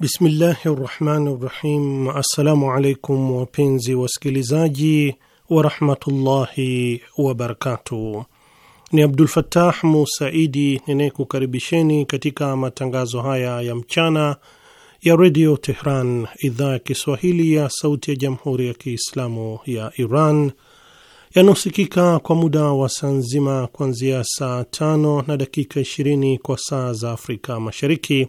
Bismillahi rahmani rahim. Assalamu alaikum wapenzi wasikilizaji warahmatullahi wabarakatuh. Ni Abdul Fattah Musaidi ninayekukaribisheni katika matangazo haya ya mchana ya redio Tehran, idhaa ya Kiswahili ya sauti ya jamhuri ya Kiislamu ya Iran yanaosikika kwa muda wa saa nzima kuanzia saa tano na dakika 20 kwa saa za Afrika Mashariki,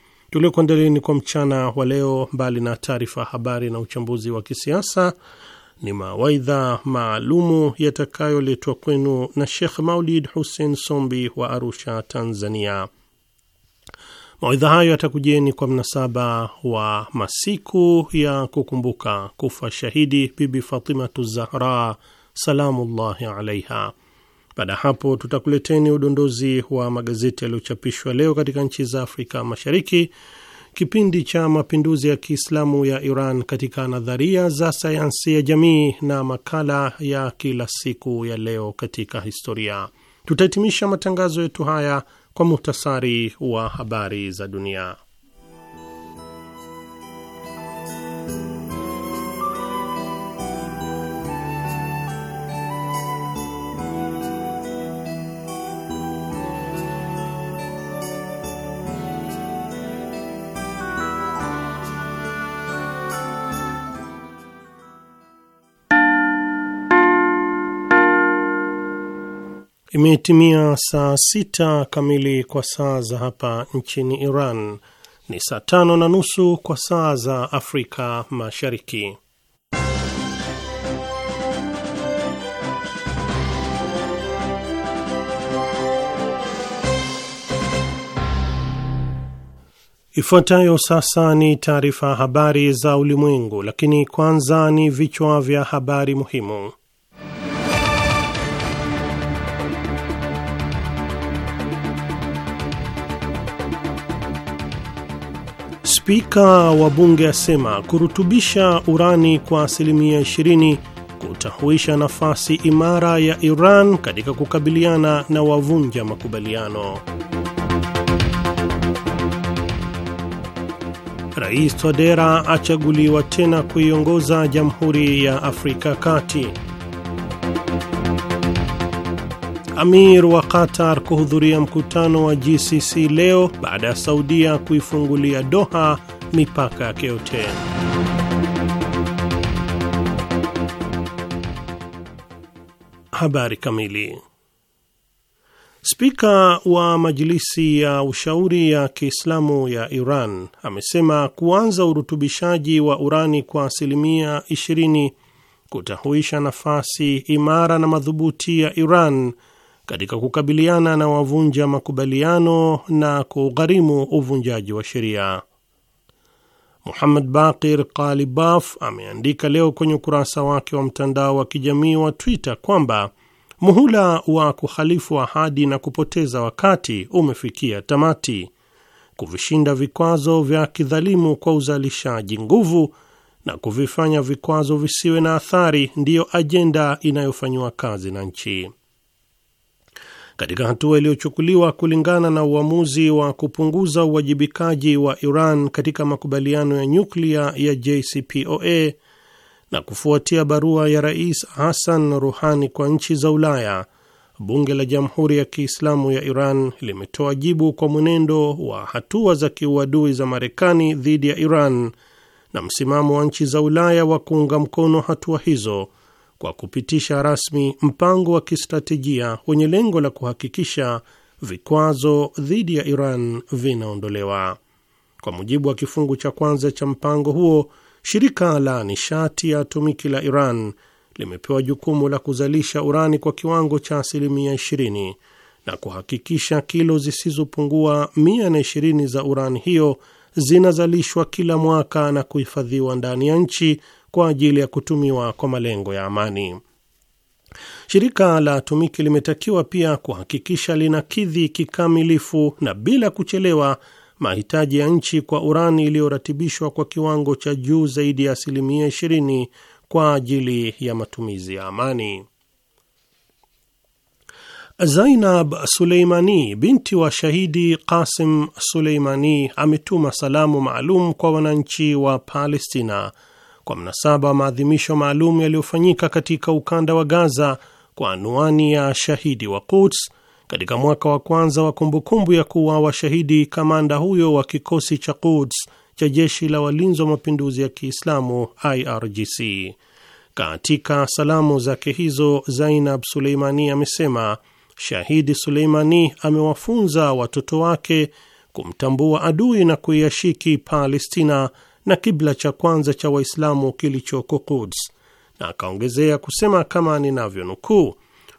tuliokuandalieni kwa mchana wa leo, mbali na taarifa ya habari na uchambuzi wa kisiasa, ni mawaidha maalumu yatakayoletwa kwenu na Shekh Maulid Hussein Sombi wa Arusha, Tanzania. Mawaidha hayo yatakujieni kwa mnasaba wa masiku ya kukumbuka kufa shahidi Bibi Fatimatu Zahra salamullahi alaiha. Baada ya hapo, tutakuleteni udondozi wa magazeti yaliyochapishwa leo katika nchi za Afrika Mashariki, kipindi cha mapinduzi ya Kiislamu ya Iran katika nadharia za sayansi ya jamii, na makala ya kila siku ya leo katika historia. Tutahitimisha matangazo yetu haya kwa muhtasari wa habari za dunia. Imetimia saa sita kamili kwa saa za hapa nchini Iran, ni saa tano na nusu kwa saa za Afrika Mashariki. Ifuatayo sasa ni taarifa habari za ulimwengu, lakini kwanza ni vichwa vya habari muhimu. Spika wa bunge asema kurutubisha urani kwa asilimia 20 kutahuisha nafasi imara ya Iran katika kukabiliana na wavunja makubaliano. Rais Todera achaguliwa tena kuiongoza Jamhuri ya Afrika Kati. Amir wa Qatar kuhudhuria mkutano wa GCC leo baada ya Saudia kuifungulia Doha mipaka yake yote. Habari kamili. Spika wa Majilisi ya Ushauri ya Kiislamu ya Iran amesema kuanza urutubishaji wa urani kwa asilimia 20 kutahuisha nafasi imara na madhubuti ya Iran katika kukabiliana na wavunja makubaliano na kugharimu uvunjaji wa sheria. Muhammad Bakir Kalibaf ameandika leo kwenye ukurasa wake wa mtandao wa kijamii wa Twitter kwamba muhula wa kuhalifu ahadi na kupoteza wakati umefikia tamati. Kuvishinda vikwazo vya kidhalimu kwa uzalishaji nguvu na kuvifanya vikwazo visiwe na athari ndiyo ajenda inayofanyiwa kazi na nchi katika hatua iliyochukuliwa kulingana na uamuzi wa kupunguza uwajibikaji wa Iran katika makubaliano ya nyuklia ya JCPOA na kufuatia barua ya Rais Hassan Rouhani kwa nchi za Ulaya, bunge la Jamhuri ya Kiislamu ya Iran limetoa jibu kwa mwenendo wa hatua za kiuadui za Marekani dhidi ya Iran na msimamo wa nchi za Ulaya wa kuunga mkono hatua hizo kwa kupitisha rasmi mpango wa kistratejia wenye lengo la kuhakikisha vikwazo dhidi ya Iran vinaondolewa. Kwa mujibu wa kifungu cha kwanza cha mpango huo, shirika la nishati ya atomiki la Iran limepewa jukumu la kuzalisha urani kwa kiwango cha asilimia 20 na kuhakikisha kilo zisizopungua 120 za urani hiyo zinazalishwa kila mwaka na kuhifadhiwa ndani ya nchi kwa ajili ya kutumiwa kwa malengo ya amani. Shirika la Atomiki limetakiwa pia kuhakikisha linakidhi kikamilifu na bila kuchelewa mahitaji ya nchi kwa urani iliyoratibishwa kwa kiwango cha juu zaidi ya asilimia 20 kwa ajili ya matumizi ya amani. Zainab Suleimani, binti wa shahidi Qasim Suleimani, ametuma salamu maalum kwa wananchi wa Palestina kwa mnasaba wa maadhimisho maalum yaliyofanyika katika ukanda wa Gaza kwa anwani ya shahidi wa Quds katika mwaka wa kwanza wa kumbukumbu ya kuuawa shahidi kamanda huyo wa kikosi cha Quds cha jeshi la walinzi wa mapinduzi ya Kiislamu IRGC. Katika salamu zake hizo, Zainab Suleimani amesema shahidi Suleimani amewafunza watoto wake kumtambua adui na kuiashiki Palestina na kibla cha kwanza cha Waislamu kilichoko Quds, na akaongezea kusema kama ninavyonukuu,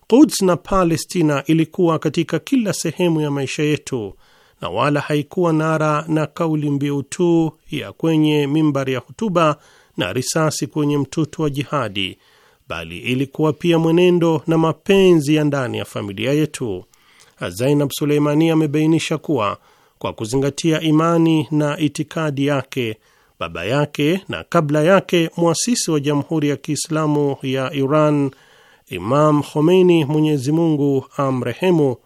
Quds na Palestina ilikuwa katika kila sehemu ya maisha yetu na wala haikuwa nara na kauli mbiu tu ya kwenye mimbari ya hutuba na risasi kwenye mtoto wa jihadi, bali ilikuwa pia mwenendo na mapenzi ya ndani ya familia yetu. Zainab Suleimani amebainisha kuwa kwa kuzingatia imani na itikadi yake baba yake na kabla yake mwasisi wa Jamhuri ya Kiislamu ya Iran Imam Khomeini, Mwenyezi Mungu amrehemu,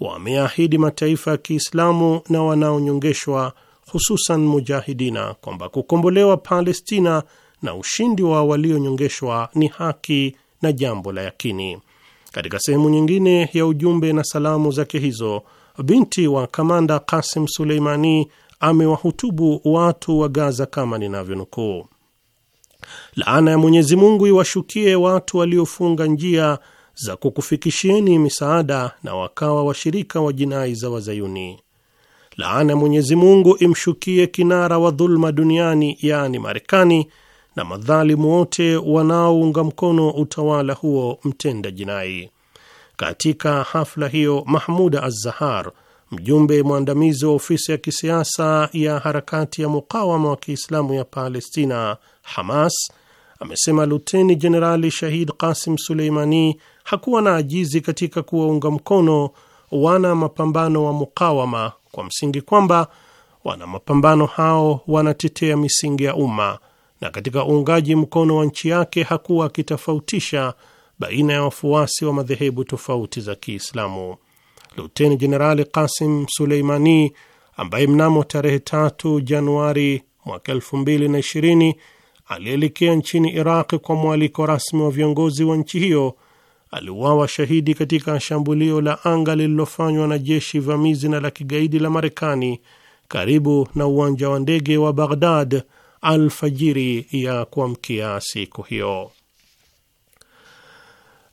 wameahidi mataifa ya Kiislamu na wanaonyongeshwa hususan mujahidina kwamba kukombolewa Palestina na ushindi wa walionyongeshwa ni haki na jambo la yakini. Katika sehemu nyingine ya ujumbe na salamu zake hizo, binti wa kamanda Kasim Suleimani amewahutubu watu wa Gaza kama ninavyonukuu: laana ya Mwenyezi Mungu iwashukie watu waliofunga njia za kukufikishieni misaada na wakawa washirika wa jinai za Wazayuni. Laana ya Mwenyezi Mungu imshukie kinara wa dhuluma duniani, yaani Marekani na madhalimu wote wanaounga mkono utawala huo mtenda jinai. Katika hafla hiyo, Mahmuda Azzahar mjumbe mwandamizi wa ofisi ya kisiasa ya harakati ya mukawama wa Kiislamu ya Palestina, Hamas, amesema Luteni Jenerali Shahid Qasim Suleimani hakuwa na ajizi katika kuwaunga mkono wana mapambano wa mukawama kwa msingi kwamba wana mapambano hao wanatetea misingi ya umma na katika uungaji mkono wa nchi yake hakuwa akitofautisha baina ya wafuasi wa madhehebu tofauti za Kiislamu. Luteni Jenerali Kasim Suleimani ambaye mnamo tarehe tatu Januari mwaka elfu mbili na ishirini alielekea nchini Iraq kwa mwaliko rasmi wa viongozi wa nchi hiyo aliuawa shahidi katika shambulio la anga lililofanywa na jeshi vamizi na la kigaidi la Marekani karibu na uwanja wa ndege wa Baghdad alfajiri ya kuamkia siku hiyo.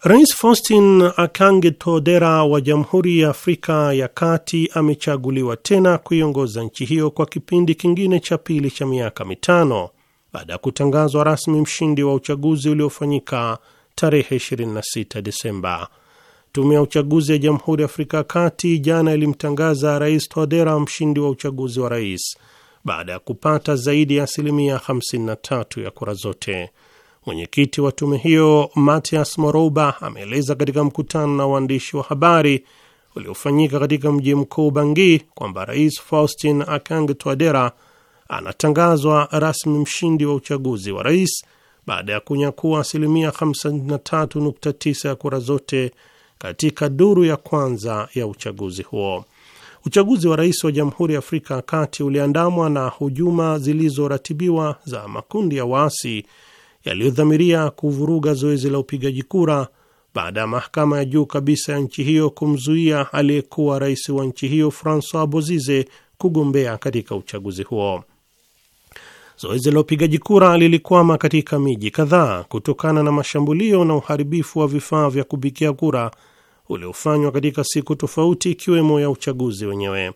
Rais Faustin Akange Todera wa Jamhuri ya Afrika ya Kati amechaguliwa tena kuiongoza nchi hiyo kwa kipindi kingine cha pili cha miaka mitano baada ya kutangazwa rasmi mshindi wa uchaguzi uliofanyika tarehe 26 Desemba. Tume ya uchaguzi ya Jamhuri ya Afrika ya Kati jana ilimtangaza Rais Todera mshindi wa uchaguzi wa rais baada ya kupata zaidi ya asilimia 53 ya kura zote. Mwenyekiti wa tume hiyo Matias Moroba ameeleza katika mkutano na waandishi wa habari uliofanyika katika mji mkuu bangi kwamba Rais Faustin akang Twadera anatangazwa rasmi mshindi wa uchaguzi wa rais baada ya kunyakua asilimia 53.9 ya kura zote katika duru ya kwanza ya uchaguzi huo. Uchaguzi wa rais wa Jamhuri ya Afrika ya Kati uliandamwa na hujuma zilizoratibiwa za makundi ya waasi yaliyodhamiria kuvuruga zoezi la upigaji kura baada ya mahakama ya juu kabisa ya nchi hiyo kumzuia aliyekuwa rais wa nchi hiyo Francois Bozize kugombea katika uchaguzi huo. Zoezi la upigaji kura lilikwama katika miji kadhaa kutokana na mashambulio na uharibifu wa vifaa vya kupigia kura uliofanywa katika siku tofauti ikiwemo ya uchaguzi wenyewe.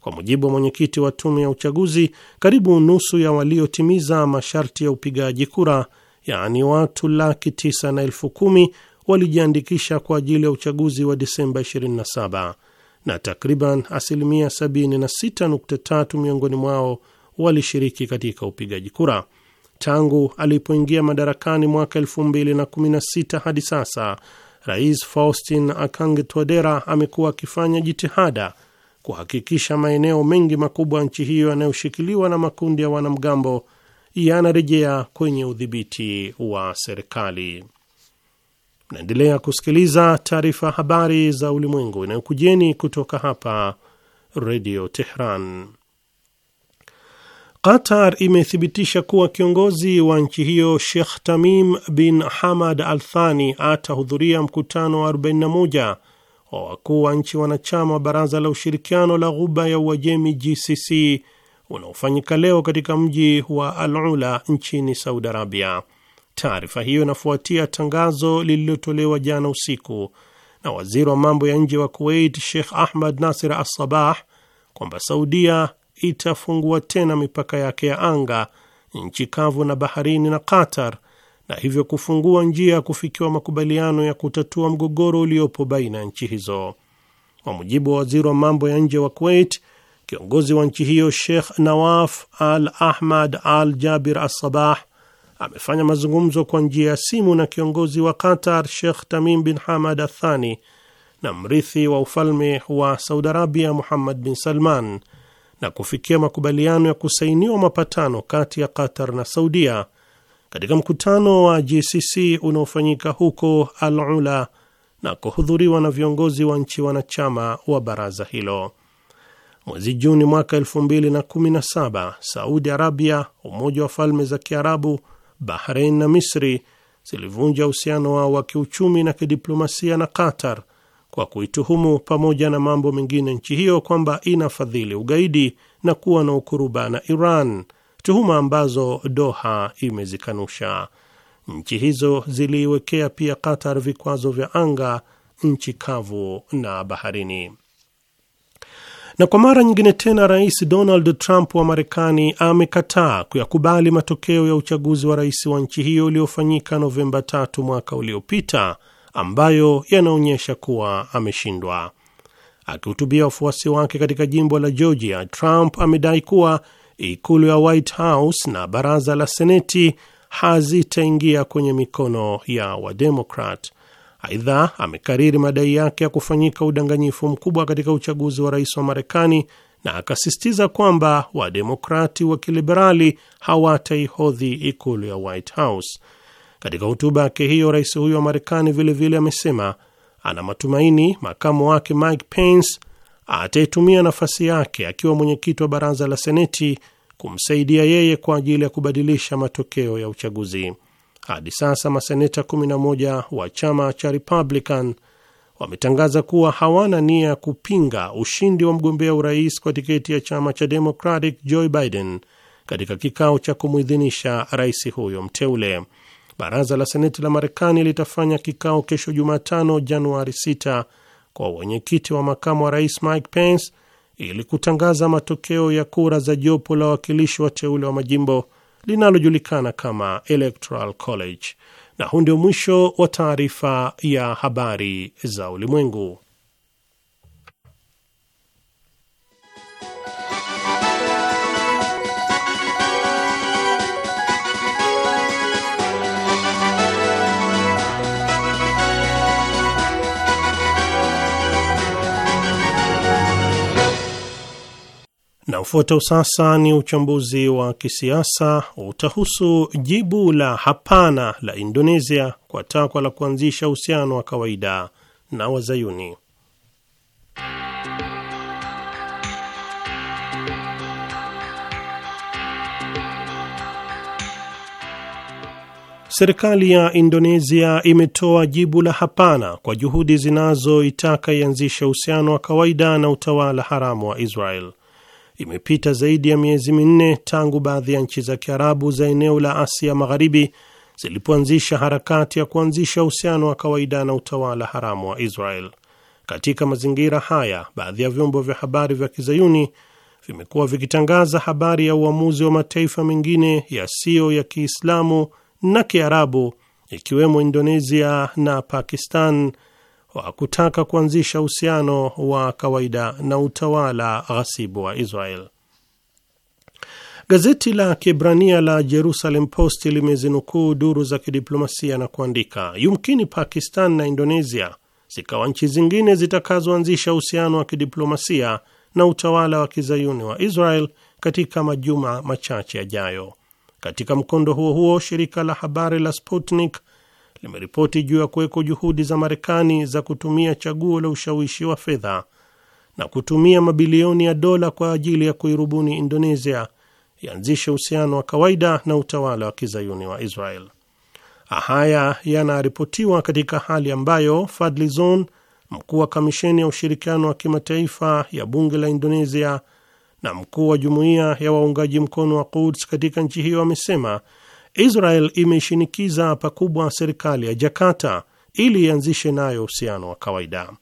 Kwa mujibu wa mwenyekiti wa tume ya uchaguzi, karibu nusu ya waliotimiza masharti ya upigaji kura yaani watu laki tisa na elfu kumi walijiandikisha kwa ajili ya uchaguzi wa Disemba 27 na takriban asilimia 76.3 miongoni mwao walishiriki katika upigaji kura. Tangu alipoingia madarakani mwaka 2016 hadi sasa, Rais Faustin Akange Twadera amekuwa akifanya jitihada kuhakikisha maeneo mengi makubwa ya nchi hiyo yanayoshikiliwa na makundi ya wanamgambo yanarejea kwenye udhibiti wa serikali. Mnaendelea kusikiliza taarifa habari za ulimwengu inayokujeni kutoka hapa Redio Tehran. Qatar imethibitisha kuwa kiongozi wa nchi hiyo Sheikh Tamim bin Hamad Al Thani atahudhuria mkutano wa 41 wa wakuu wa nchi wanachama wa Baraza la Ushirikiano la Ghuba ya Uajemi, GCC unaofanyika leo katika mji wa Al Ula nchini Saudi Arabia. Taarifa hiyo inafuatia tangazo lililotolewa jana usiku na waziri wa mambo ya nje wa Kuwait, Sheikh Ahmad Nasir alsabah kwamba Saudia itafungua tena mipaka yake ya anga, nchi kavu na baharini na Qatar, na hivyo kufungua njia ya kufikiwa makubaliano ya kutatua mgogoro uliopo baina ya nchi hizo. Kwa mujibu wa waziri wa mambo ya nje wa Kuwait, Kiongozi wa nchi hiyo Sheikh Nawaf Al Ahmad Al Jabir Assabah amefanya mazungumzo kwa njia ya simu na kiongozi wa Qatar Sheikh Tamim bin Hamad Athani na mrithi wa ufalme wa Saudi Arabia Muhammad bin Salman na kufikia makubaliano ya kusainiwa mapatano kati ya Qatar na Saudia katika mkutano wa GCC unaofanyika huko Al Ula na kuhudhuriwa na viongozi wa nchi wanachama wa baraza hilo. Mwezi Juni mwaka 2017 Saudi Arabia, Umoja wa Falme za Kiarabu, Bahrein na Misri zilivunja uhusiano wao wa kiuchumi na kidiplomasia na Qatar kwa kuituhumu pamoja na mambo mengine nchi hiyo kwamba inafadhili ugaidi na kuwa na ukuruba na Iran, tuhuma ambazo Doha imezikanusha. Nchi hizo ziliiwekea pia Qatar vikwazo vya anga, nchi kavu na baharini. Na kwa mara nyingine tena Rais Donald Trump wa Marekani amekataa kuyakubali matokeo ya uchaguzi wa rais wa nchi hiyo uliofanyika Novemba tatu mwaka uliopita, ambayo yanaonyesha kuwa ameshindwa. Akihutubia wafuasi wake katika jimbo la Georgia, Trump amedai kuwa ikulu ya White House na baraza la Seneti hazitaingia kwenye mikono ya Wademokrat. Aidha, amekariri madai yake ya kufanyika udanganyifu mkubwa katika uchaguzi wa rais wa Marekani na akasisitiza kwamba wademokrati wa kiliberali hawataihodhi ikulu ya White House. Katika hotuba yake hiyo, rais huyo wa Marekani vilevile amesema ana matumaini makamu wake Mike Pence ataitumia nafasi yake akiwa mwenyekiti wa baraza la Seneti kumsaidia yeye kwa ajili ya kubadilisha matokeo ya uchaguzi. Hadi sasa maseneta 11 wa chama cha Republican wametangaza kuwa hawana nia ya kupinga ushindi wa mgombea urais kwa tiketi ya chama cha Democratic Joe Biden katika kikao cha kumwidhinisha rais huyo mteule. Baraza la Seneti la Marekani litafanya kikao kesho Jumatano, Januari 6 kwa wenyekiti wa makamu wa rais Mike Pence ili kutangaza matokeo ya kura za jopo la wawakilishi wateule wa majimbo linalojulikana kama Electoral College. Na huu ndio mwisho wa taarifa ya habari za ulimwengu. Na ufuatao sasa ni uchambuzi wa kisiasa utahusu jibu la hapana la Indonesia kwa takwa la kuanzisha uhusiano wa kawaida na Wazayuni. Serikali ya Indonesia imetoa jibu la hapana kwa juhudi zinazoitaka ianzishe uhusiano wa kawaida na utawala haramu wa Israel. Imepita zaidi ya miezi minne tangu baadhi ya nchi za Kiarabu za eneo la Asia Magharibi zilipoanzisha harakati ya kuanzisha uhusiano wa kawaida na utawala haramu wa Israel. Katika mazingira haya, baadhi ya vyombo vya habari vya kizayuni vimekuwa vikitangaza habari ya uamuzi wa mataifa mengine yasiyo ya, ya Kiislamu na Kiarabu ikiwemo Indonesia na Pakistan wa kutaka kuanzisha uhusiano wa kawaida na utawala ghasibu wa Israel. Gazeti la Kibrania la Jerusalem Post limezinukuu duru za kidiplomasia na kuandika, yumkini Pakistan na Indonesia zikawa nchi zingine zitakazoanzisha uhusiano wa kidiplomasia na utawala wa kizayuni wa Israel katika majuma machache yajayo. Katika mkondo huo huo, shirika la habari la Sputnik limeripoti juu ya kuweko juhudi za Marekani za kutumia chaguo la ushawishi wa fedha na kutumia mabilioni ya dola kwa ajili ya kuirubuni Indonesia ianzishe uhusiano wa kawaida na utawala wa kizayuni wa Israel. Haya yanaripotiwa katika hali ambayo Fadlizon, mkuu wa kamisheni ya ushirikiano wa kimataifa ya bunge la Indonesia na mkuu wa jumuiya ya waungaji mkono wa Quds katika nchi hiyo, amesema Israel imeshinikiza pakubwa serikali ya Jakarta ili ianzishe nayo uhusiano wa kawaida.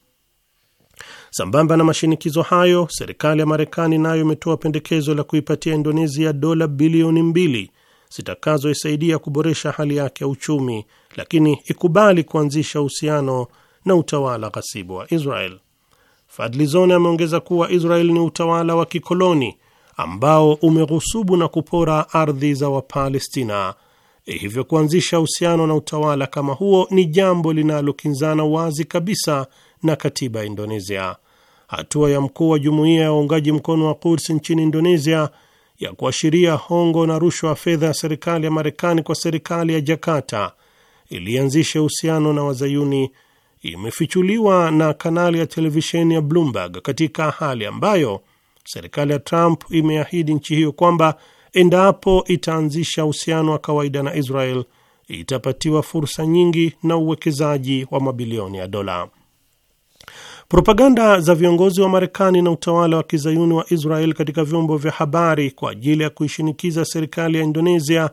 Sambamba na mashinikizo hayo, serikali ya Marekani nayo imetoa pendekezo la kuipatia Indonesia dola bilioni mbili zitakazoisaidia kuboresha hali yake ya uchumi, lakini ikubali kuanzisha uhusiano na utawala ghasibu wa Israel. Fadlizone ameongeza kuwa Israel ni utawala wa kikoloni ambao umeghusubu na kupora ardhi za Wapalestina Hivyo kuanzisha uhusiano na utawala kama huo ni jambo linalokinzana wazi kabisa na katiba ya Indonesia. Hatua ya mkuu wa jumuiya ya waungaji mkono wa Quds nchini Indonesia ya kuashiria hongo na rushwa ya fedha ya serikali ya Marekani kwa serikali ya Jakarta ilianzisha uhusiano na wazayuni imefichuliwa na kanali ya televisheni ya Bloomberg katika hali ambayo serikali ya Trump imeahidi nchi hiyo kwamba endapo itaanzisha uhusiano wa kawaida na Israel, itapatiwa fursa nyingi na uwekezaji wa mabilioni ya dola. Propaganda za viongozi wa Marekani na utawala wa kizayuni wa Israel katika vyombo vya habari kwa ajili ya kuishinikiza serikali ya Indonesia,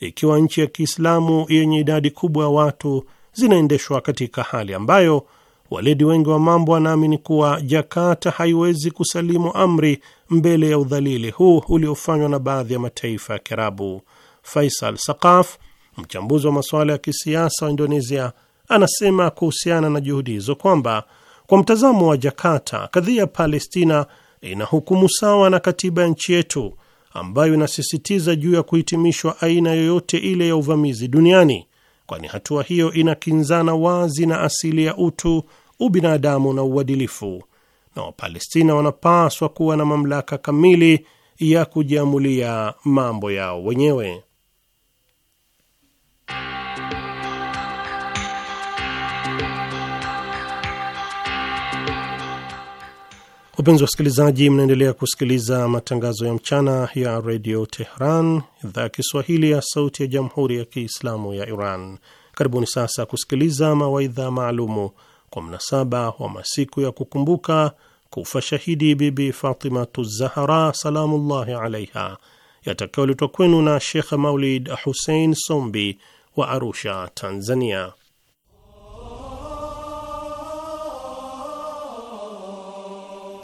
ikiwa nchi ya Kiislamu yenye idadi kubwa ya watu, zinaendeshwa katika hali ambayo Waledi wengi wa mambo wanaamini kuwa Jakarta haiwezi kusalimu amri mbele ya udhalili huu uliofanywa na baadhi ya mataifa ya Kiarabu. Faisal sakaf mchambuzi wa masuala ya kisiasa wa Indonesia, anasema kuhusiana na juhudi hizo kwamba kwa mtazamo wa Jakarta, kadhia ya Palestina ina hukumu sawa na katiba ya nchi yetu ambayo inasisitiza juu ya kuhitimishwa aina yoyote ile ya uvamizi duniani kwani hatua hiyo inakinzana wazi na asili ya utu, ubinadamu na uadilifu, na Wapalestina wanapaswa kuwa na mamlaka kamili ya kujiamulia mambo yao wenyewe. Wapenzi wasikilizaji, mnaendelea kusikiliza matangazo ya mchana ya redio Tehran, idhaa ya Kiswahili ya sauti ya jamhuri ya kiislamu ya Iran. Karibuni sasa kusikiliza mawaidha maalumu kwa mnasaba wa masiku ya kukumbuka kufa shahidi Bibi Fatimatu Zahara salamullahi alaiha, yatakayoletwa kwenu na Shekh Maulid Husein Sombi wa Arusha, Tanzania.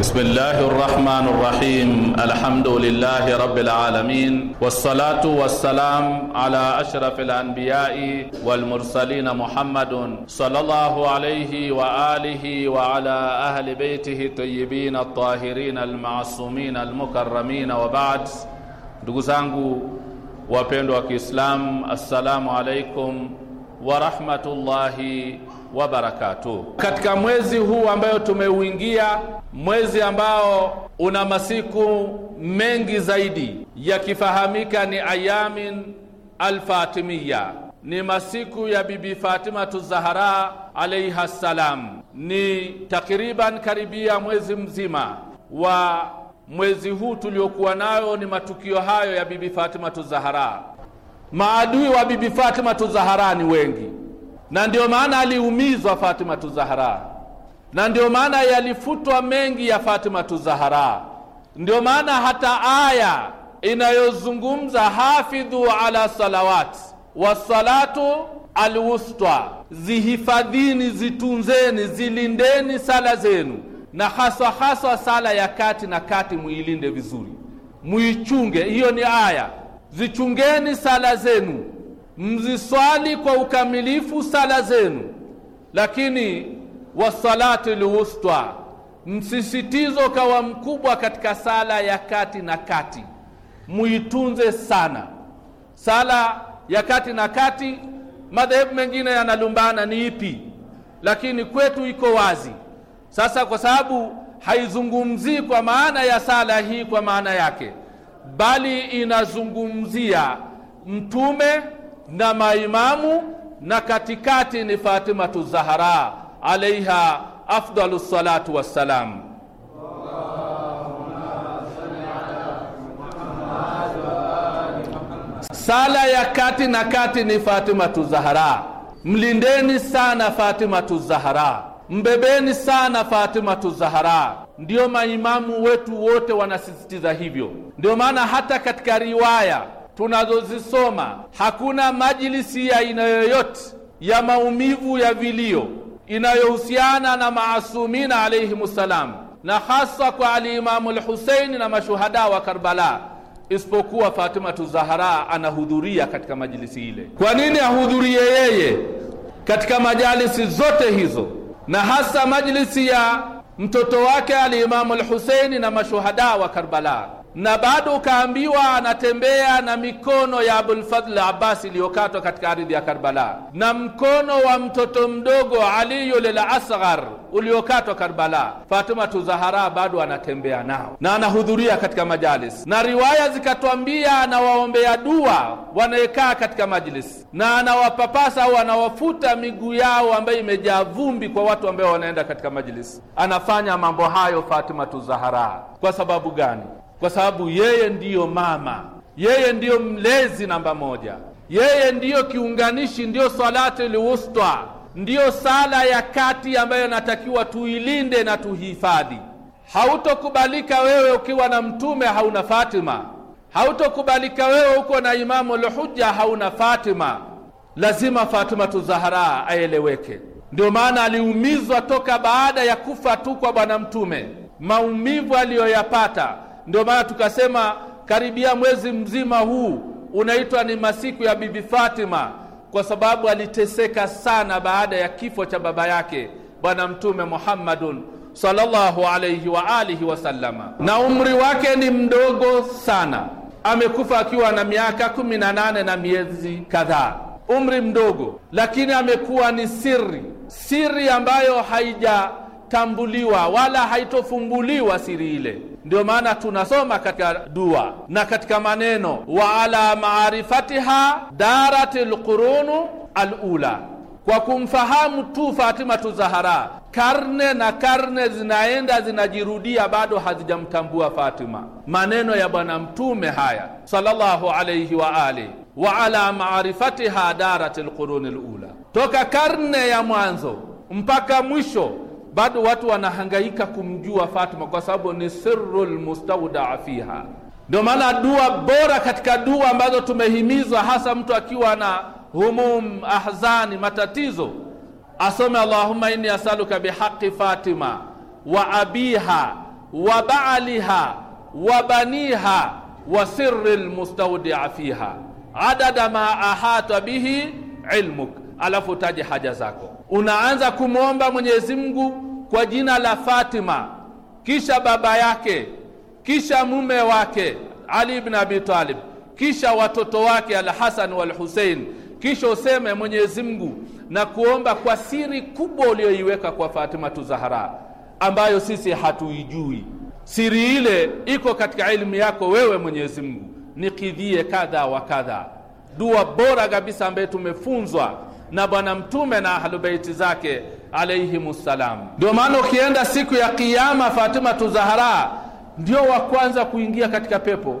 بسم الله الرحمن الرحيم الحمد لله رب العالمين والصلاة والسلام على أشرف الأنبياء والمرسلين محمد صلى الله عليه وآله وعلى أهل بيته الطيبين الطاهرين المعصومين المكرمين وبعد دقزانقو وبيندو إسلام السلام عليكم ورحمة الله wabarakatuh. Katika mwezi huu ambayo tumeuingia, mwezi ambao una masiku mengi zaidi yakifahamika ni ayamin alfatimiya, ni masiku ya Bibi Fatima Tuzahara alaiha ssalam, ni takriban karibia mwezi mzima wa mwezi huu tuliokuwa nayo ni matukio hayo ya Bibi Fatima Tuzahara. Maadui wa Bibi Fatima Tuzahara ni wengi na ndio maana aliumizwa Fatima Tuzahara, na ndio maana yalifutwa mengi ya Fatima Tuzahara. Ndio maana hata aya inayozungumza hafidhu ala salawat wasalatu alwusta, zihifadhini, zitunzeni, zilindeni sala zenu, na haswa haswa sala ya kati na kati muilinde vizuri, muichunge. Hiyo ni aya, zichungeni sala zenu mziswali kwa ukamilifu sala zenu, lakini wasalati lwusta, msisitizo kawa mkubwa katika sala ya kati na kati, muitunze sana sala ya kati na kati. Madhehebu mengine yanalumbana ni ipi, lakini kwetu iko wazi. Sasa kwa sababu haizungumzii kwa maana ya sala hii kwa maana yake, bali inazungumzia Mtume na maimamu na katikati ni Fatimatu Zahara alaiha afdalu salatu wassalam. Sala ya kati na kati ni Fatimatu Zahara. Mlindeni sana Fatimatu Zahara, mbebeni sana Fatimatu Zahara. Ndiyo maimamu wetu wote wanasisitiza hivyo, ndio maana hata katika riwaya tunazozisoma hakuna majlisi ya aina yoyote ya maumivu ya vilio inayohusiana na maasumina alayhimu salam, na hasa kwa alimamu Lhuseini na mashuhada wa Karbala, isipokuwa Fatimatu Zahara anahudhuria katika majlisi ile. Kwa nini ahudhurie yeye katika majalisi zote hizo, na hasa majlisi ya mtoto wake alimamu Lhuseini na mashuhada wa Karbala? na bado ukaambiwa anatembea na mikono ya Abulfadl Abbas iliyokatwa katika ardhi ya Karbala na mkono wa mtoto mdogo Aliyu lil Asghar uliokatwa Karbala. fatumatu zahara bado anatembea nao na anahudhuria katika majalis, na riwaya zikatwambia anawaombea dua wanayekaa katika majlis, na anawapapasa au anawafuta miguu yao ambayo imejaa vumbi kwa watu ambao wanaenda katika majlis. Anafanya mambo hayo fatimatu zahara kwa sababu gani? kwa sababu yeye ndiyo mama, yeye ndiyo mlezi namba moja, yeye ndiyo kiunganishi, ndiyo salatul liwusta ndiyo sala ya kati ambayo natakiwa tuilinde na tuhifadhi. Hautokubalika wewe ukiwa na mtume hauna Fatima, hautokubalika wewe uko na Imamu Lhuja hauna Fatima. Lazima Fatima Tuzahara aeleweke. Ndio maana aliumizwa toka baada ya kufa tu kwa Bwana Mtume, maumivu aliyoyapata ndio maana tukasema karibia mwezi mzima huu unaitwa ni masiku ya Bibi Fatima, kwa sababu aliteseka sana baada ya kifo cha baba yake Bwana Mtume Muhammadun sallallahu alayhi wa alihi wasallama, na umri wake ni mdogo sana. Amekufa akiwa na miaka kumi na nane na miezi kadhaa, umri mdogo, lakini amekuwa ni siri, siri ambayo haijatambuliwa wala haitofumbuliwa siri ile ndio maana tunasoma katika dua na katika maneno, wa ala maarifatiha darat lqurunu alula, kwa kumfahamu tu Fatima Tuzahara, karne na karne zinaenda zinajirudia, bado hazijamtambua Fatima. Maneno ya Bwana Mtume haya sallallahu alayhi wa alihi wa ala maarifatiha darat lquruni lula, toka karne ya mwanzo mpaka mwisho bado watu wanahangaika kumjua Fatima kwa sababu ni sirru lmustaudaa fiha. Ndio maana dua bora katika dua ambazo tumehimizwa, hasa mtu akiwa na humum, ahzani, matatizo, asome allahumma inni asaluka bihaqi Fatima wa abiha wa baaliha wa baniha wa sirri lmustaudia fiha adada ma ahata bihi ilmuk, alafu taje haja zako unaanza kumwomba Mwenyezi Mungu kwa jina la Fatima, kisha baba yake, kisha mume wake Ali ibn Abi Talib, kisha watoto wake Al-Hasan wal Hussein, kisha useme Mwenyezi Mungu na kuomba kwa siri kubwa uliyoiweka kwa Fatima Tuzahara, ambayo sisi hatuijui. Siri ile iko katika elimu yako wewe Mwenyezi Mungu, nikidhie kadha wa kadha. Dua bora kabisa ambayo tumefunzwa na Bwana Mtume na ahlubeiti zake alaihimussalam. Ndio maana ukienda siku ya Kiyama, Fatima Tuzahara ndio wa kwanza kuingia katika pepo,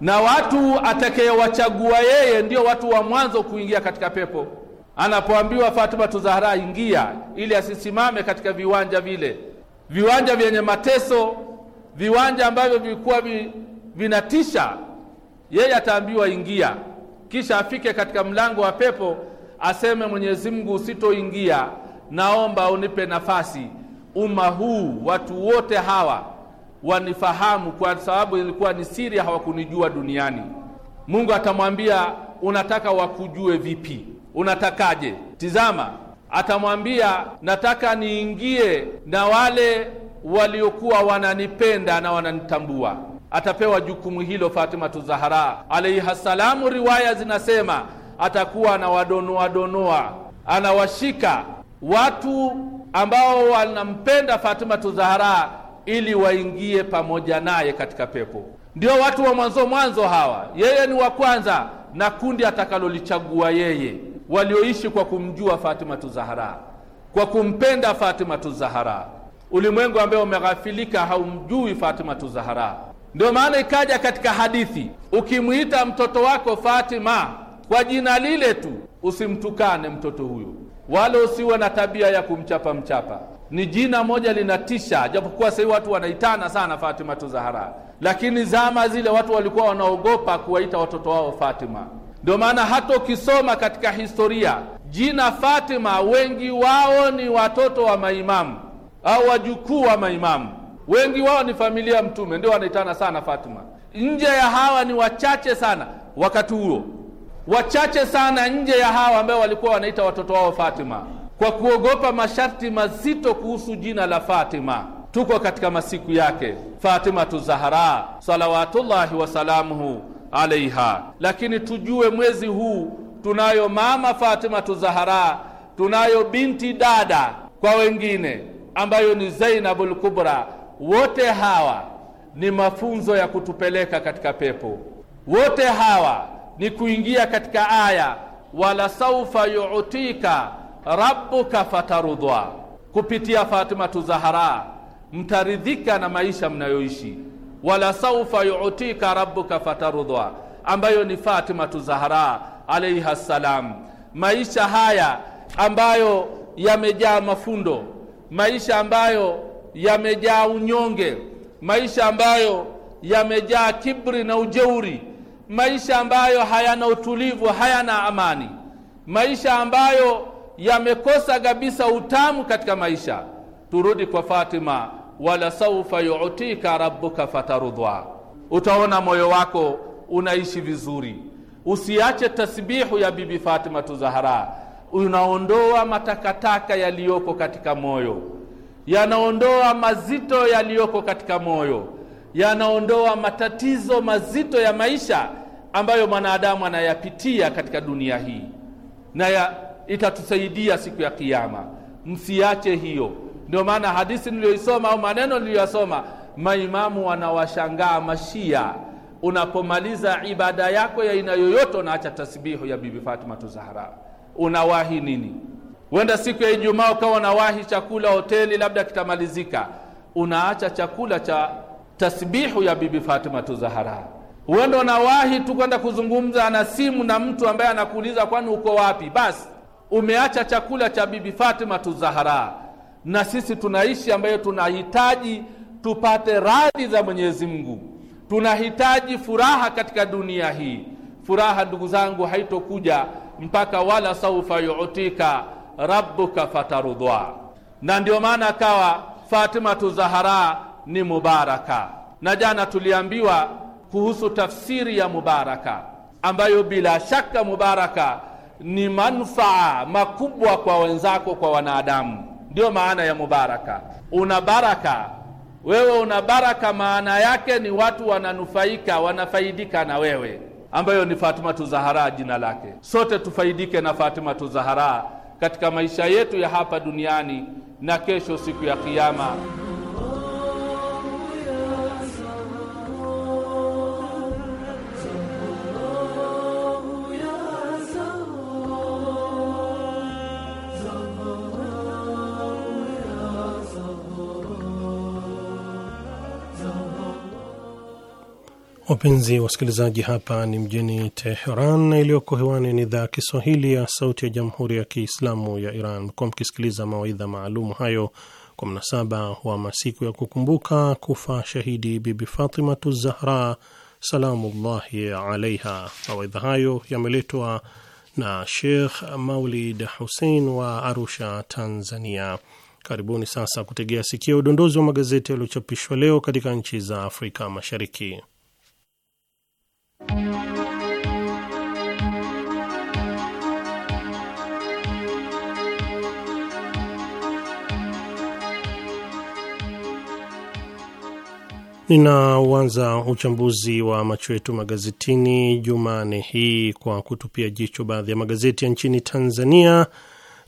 na watu atakayewachagua yeye ndio watu wa mwanzo kuingia katika pepo. Anapoambiwa Fatima Tuzahara, ingia, ili asisimame katika viwanja vile, viwanja vyenye mateso, viwanja ambavyo vilikuwa vi, vinatisha. Yeye ataambiwa ingia, kisha afike katika mlango wa pepo aseme Mwenyezi Mungu, usitoingia, naomba unipe nafasi. Umma huu watu wote hawa wanifahamu, kwa sababu ilikuwa ni siri, hawakunijua duniani. Mungu atamwambia unataka wakujue vipi? Unatakaje? Tizama, atamwambia nataka niingie na wale waliokuwa wananipenda na wananitambua. Atapewa jukumu hilo Fatimatu Zahara alaihi salamu. Riwaya zinasema atakuwa anawadonoa donoa, anawashika watu ambao wanampenda fatima Zahara ili waingie pamoja naye katika pepo. Ndio watu wa mwanzo mwanzo hawa, yeye ni wa kwanza na kundi atakalolichagua yeye, walioishi kwa kumjua fatima Zahara, kwa kumpenda fatima Zahara. Ulimwengu ambaye umeghafilika haumjui fatima Zahara. Ndio maana ikaja katika hadithi, ukimwita mtoto wako Fatima kwa jina lile tu, usimtukane mtoto huyo, wala usiwe na tabia ya kumchapa mchapa. Ni jina moja linatisha, japokuwa sahii watu wanaitana sana Fatima tu Zahara, lakini zama zile watu walikuwa wanaogopa kuwaita watoto wao Fatima. Ndio maana hata ukisoma katika historia jina Fatima, wengi wao ni watoto wa maimamu au wajukuu wa maimamu, wengi wao ni familia ya Mtume, ndio wanaitana sana Fatima. Nje ya hawa ni wachache sana wakati huo wachache sana nje ya hawa ambao walikuwa wanaita watoto wao Fatima kwa kuogopa masharti mazito kuhusu jina la Fatima. Tuko katika masiku yake Fatimatu Zahra salawatullahi wasalamuhu alaiha, lakini tujue mwezi huu tunayo mama Fatimatu Zahara, tunayo binti dada kwa wengine ambayo ni Zainabul Kubra. Wote hawa ni mafunzo ya kutupeleka katika pepo, wote hawa ni kuingia katika aya wala saufa yu'tika rabbuka fatarudwa, kupitia Fatima Tuzahara mtaridhika na maisha mnayoishi. Wala saufa yu'tika rabbuka fatarudwa, ambayo ni Fatima Tuzahara alaiha salam. Maisha haya ambayo yamejaa mafundo, maisha ambayo yamejaa unyonge, maisha ambayo yamejaa kibri na ujeuri maisha ambayo hayana utulivu hayana amani maisha ambayo yamekosa kabisa utamu katika maisha turudi kwa fatima wala saufa yutika rabbuka fatarudhwa utaona moyo wako unaishi vizuri usiache tasbihu ya bibi fatima tuzahara unaondoa matakataka yaliyoko katika moyo yanaondoa mazito yaliyoko katika moyo yanaondoa matatizo mazito ya maisha ambayo mwanadamu anayapitia katika dunia hii, na ya itatusaidia siku ya Kiyama. Msiache hiyo. Ndio maana hadithi niliyoisoma au maneno niliyoyasoma, maimamu wanawashangaa Mashia. Unapomaliza ibada yako ya aina yoyote, unaacha tasbihu ya Bibi Fatima Tuzahara, unawahi nini? Wenda siku ya Ijumaa ukawa unawahi chakula hoteli, labda kitamalizika, unaacha chakula cha tasbihu ya Bibi Fatima Tuzahara. Huenda unawahi tu kwenda kuzungumza na simu na mtu ambaye anakuuliza kwani uko wapi? Basi umeacha chakula cha Bibi Fatima Tuzahara, na sisi tunaishi ambayo tunahitaji tupate radhi za Mwenyezi Mungu, tunahitaji furaha katika dunia hii. Furaha ndugu zangu haitokuja mpaka wala saufa yuutika rabbuka fatarudhwa na ndio maana akawa Fatima Tuzahara ni mubaraka. Na jana tuliambiwa kuhusu tafsiri ya mubaraka, ambayo bila shaka mubaraka ni manufaa makubwa kwa wenzako, kwa wanadamu. Ndiyo maana ya mubaraka. Una baraka wewe, una baraka, maana yake ni watu wananufaika, wanafaidika na wewe, ambayo ni Fatima Tuzahara jina lake. Sote tufaidike na Fatima Tuzahara katika maisha yetu ya hapa duniani na kesho siku ya Kiyama. Wapenzi wasikilizaji, hapa ni mjini Teheran na iliyoko hewani ni idhaa ya Kiswahili ya Sauti ya Jamhuri ya Kiislamu ya Iran. Mkuwa mkisikiliza mawaidha maalumu hayo kwa mnasaba wa masiku ya kukumbuka kufa shahidi Bibi Fatimatu Zahra salamullahi alaiha. Mawaidha hayo yameletwa na Shekh Maulid Hussein wa Arusha, Tanzania. Karibuni sasa kutegea sikio udondozi wa magazeti yaliyochapishwa leo katika nchi za Afrika Mashariki. Ninauanza uchambuzi wa macho yetu magazetini Jumane hii kwa kutupia jicho baadhi ya magazeti ya nchini Tanzania.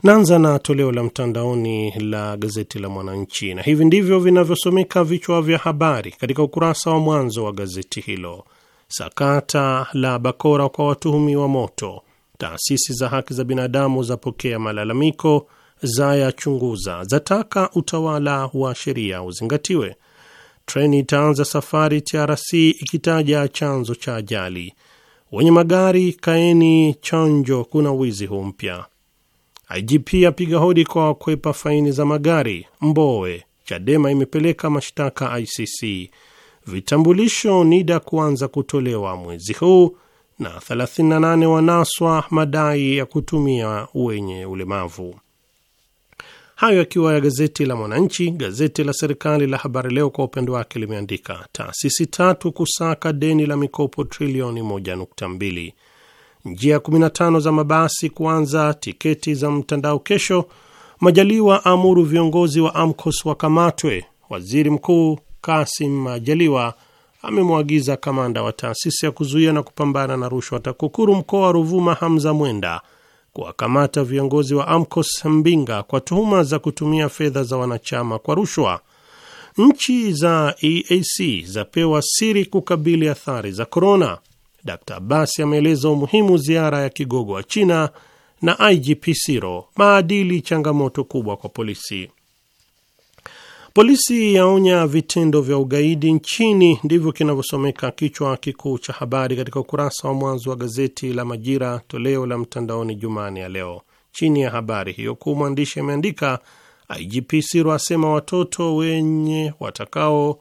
Naanza na toleo la mtandaoni la gazeti la Mwananchi, na hivi ndivyo vinavyosomeka vichwa vya habari katika ukurasa wa mwanzo wa gazeti hilo sakata la bakora kwa watuhumiwa moto, taasisi za haki za binadamu zapokea malalamiko, za yachunguza zataka utawala wa sheria uzingatiwe. Treni itaanza safari TRC ikitaja chanzo cha ajali. Wenye magari kaeni chonjo, kuna wizi huu mpya. IGP apiga hodi kwa wakwepa faini za magari. Mbowe, Chadema imepeleka mashtaka ICC vitambulisho NIDA kuanza kutolewa mwezi huu na 38 wanaswa madai ya kutumia wenye ulemavu. Hayo yakiwa ya gazeti la Mwananchi. Gazeti la serikali la Habari Leo kwa upendo wake limeandika taasisi tatu kusaka deni la mikopo trilioni 1.2, njia 15 za mabasi kuanza tiketi za mtandao kesho, Majaliwa amuru viongozi wa AMCOS wakamatwe, waziri mkuu Kasim Majaliwa amemwagiza kamanda wa taasisi ya kuzuia na kupambana na rushwa TAKUKURU mkoa wa Ruvuma Hamza Mwenda kuwakamata viongozi wa AMCOS Mbinga kwa tuhuma za kutumia fedha za wanachama kwa rushwa. Nchi za EAC zapewa siri kukabili athari za korona. Dkt Abasi ameeleza umuhimu ziara ya kigogo wa China na IGP Siro, maadili changamoto kubwa kwa polisi. Polisi yaonya vitendo vya ugaidi nchini, ndivyo kinavyosomeka kichwa kikuu cha habari katika ukurasa wa mwanzo wa gazeti la Majira toleo la mtandaoni Jumani ya leo. Chini ya habari hiyo kuu, mwandishi ameandika IGP Siro asema watoto wenye watakao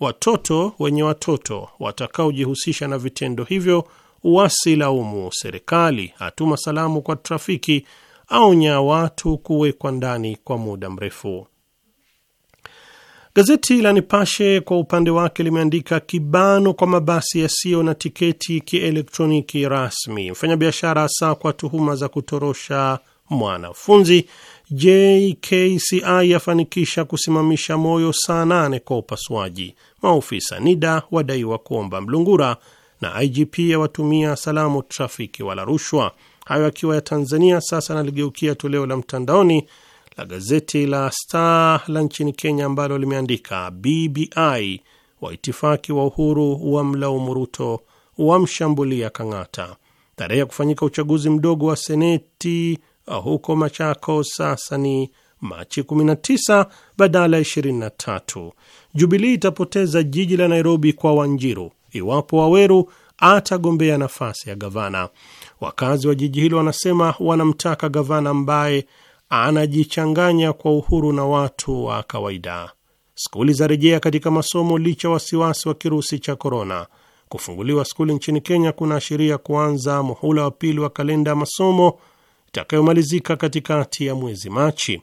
watoto wenye watoto watakaojihusisha na vitendo hivyo wasilaumu serikali. Hatuma salamu kwa trafiki, aonya watu kuwekwa ndani kwa muda mrefu. Gazeti la Nipashe kwa upande wake limeandika kibano kwa mabasi yasiyo na tiketi kielektroniki rasmi. Mfanyabiashara hasa kwa tuhuma za kutorosha mwanafunzi. JKCI yafanikisha kusimamisha moyo saa nane kwa upasuaji. Maofisa NIDA wadaiwa kuomba mlungura, na IGP yawatumia salamu trafiki wala rushwa. Hayo akiwa ya Tanzania. Sasa naligeukia toleo la mtandaoni la gazeti la Star la nchini Kenya ambalo limeandika BBI waitifaki wa uhuru wa mlaumu Ruto wamshambulia Kang'ata. Tarehe ya kufanyika uchaguzi mdogo wa seneti uh, huko machako sasa ni Machi 19 badala ya 23. Jubilii itapoteza jiji la Nairobi kwa Wanjiru iwapo Waweru atagombea nafasi ya gavana. Wakazi wa jiji hilo wanasema wanamtaka gavana ambaye anajichanganya kwa uhuru na watu wa kawaida. Skuli za rejea katika masomo licha wasiwasi wa kirusi cha korona. Kufunguliwa skuli nchini Kenya kunaashiria kuanza muhula wa pili wa kalenda ya masomo itakayomalizika katikati ya mwezi Machi.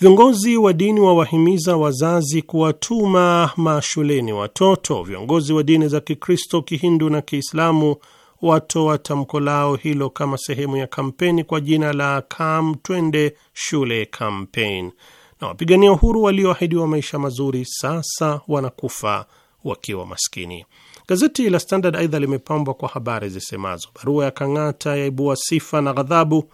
Viongozi wa dini wawahimiza wazazi kuwatuma mashuleni watoto. Viongozi wa dini za Kikristo, Kihindu na Kiislamu watoa tamko lao hilo kama sehemu ya kampeni kwa jina la Kam Twende Shule Campaign, na wapigania uhuru walioahidiwa maisha mazuri sasa wanakufa wakiwa maskini. Gazeti la Standard aidha limepambwa kwa habari zisemazo barua ya Kang'ata yaibua sifa na ghadhabu,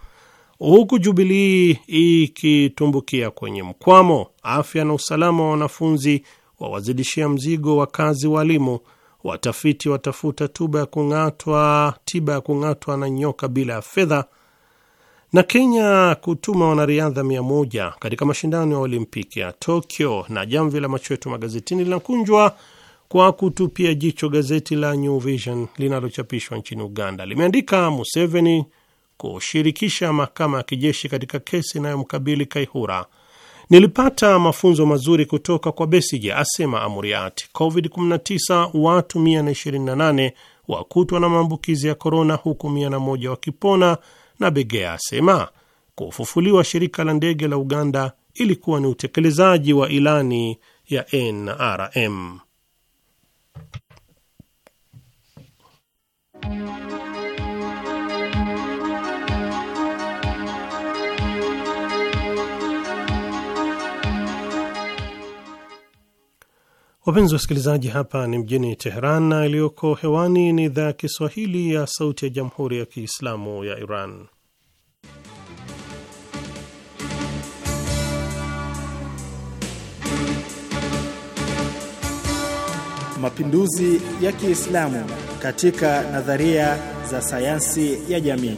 huku Jubilii ikitumbukia kwenye mkwamo. Afya na usalama wa wanafunzi wawazidishia mzigo wa kazi walimu watafiti watafuta tiba ya kung'atwa tiba ya kung'atwa na nyoka bila ya fedha, na Kenya kutuma wanariadha mia moja katika mashindano ya Olimpiki ya Tokyo. Na jamvi la macho yetu magazetini linakunjwa kwa kutupia jicho gazeti la New Vision linalochapishwa nchini Uganda. Limeandika Museveni kushirikisha mahakama ya kijeshi katika kesi inayomkabili Kaihura Nilipata mafunzo mazuri kutoka kwa Besije, asema Amuriat. COVID-19 watu 128 wakutwa na maambukizi ya korona, huku 101 wakipona. Na Begea asema kufufuliwa shirika la ndege la Uganda ilikuwa ni utekelezaji wa ilani ya NRM. Wapenzi wa wasikilizaji, hapa ni mjini Teheran na iliyoko hewani ni idhaa ya Kiswahili ya Sauti ya Jamhuri ya Kiislamu ya Iran. Mapinduzi ya Kiislamu katika nadharia za sayansi ya jamii.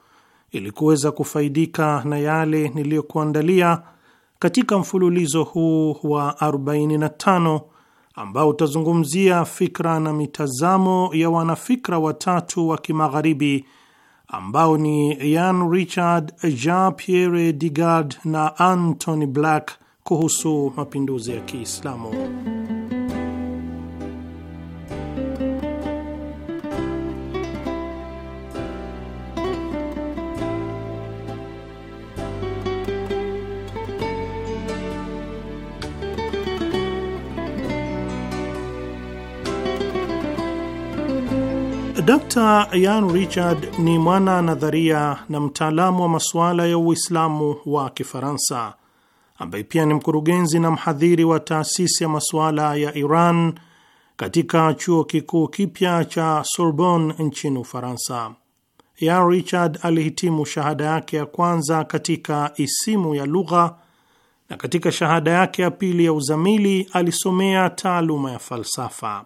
ili kuweza kufaidika na yale niliyokuandalia katika mfululizo huu wa 45 ambao utazungumzia fikra na mitazamo ya wanafikra watatu wa kimagharibi ambao ni Yan Richard, Jean Pierre Digard na Anthony Black kuhusu mapinduzi ya Kiislamu. Dr. Ian Richard ni mwana nadharia na mtaalamu wa masuala ya Uislamu wa Kifaransa ambaye pia ni mkurugenzi na mhadhiri wa taasisi ya masuala ya Iran katika chuo kikuu kipya cha Sorbonne nchini Ufaransa. Ian Richard alihitimu shahada yake ya kwanza katika isimu ya lugha na katika shahada yake ya pili ya uzamili alisomea taaluma ya falsafa.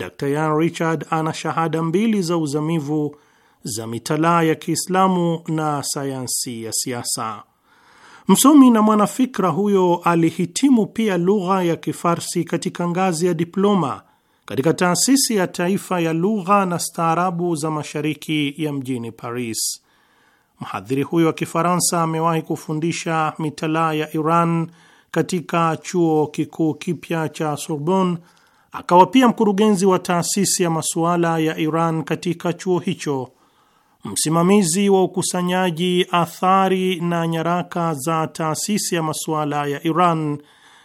Dr. Richard ana shahada mbili za uzamivu za mitalaa ya Kiislamu na sayansi ya siasa. Msomi na mwanafikra huyo alihitimu pia lugha ya Kifarsi katika ngazi ya diploma katika taasisi ya taifa ya lugha na staarabu za mashariki ya mjini Paris. Mhadhiri huyo wa Kifaransa amewahi kufundisha mitalaa ya Iran katika chuo kikuu kipya cha Sorbonne akawa pia mkurugenzi wa taasisi ya masuala ya Iran katika chuo hicho, msimamizi wa ukusanyaji athari na nyaraka za taasisi ya masuala ya Iran,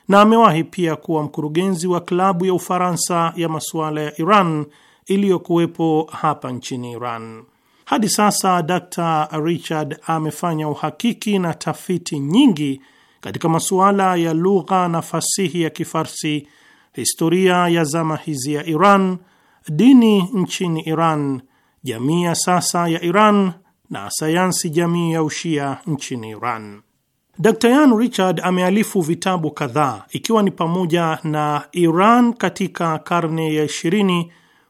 na amewahi pia kuwa mkurugenzi wa klabu ya Ufaransa ya masuala ya Iran iliyokuwepo hapa nchini Iran. Hadi sasa Dr. Richard amefanya uhakiki na tafiti nyingi katika masuala ya lugha na fasihi ya Kifarsi historia ya zama hizi ya Iran, dini nchini Iran, jamii ya sasa ya Iran na sayansi jamii ya Ushia nchini Iran. Dr. Yan Richard amealifu vitabu kadhaa ikiwa ni pamoja na Iran katika karne ya 20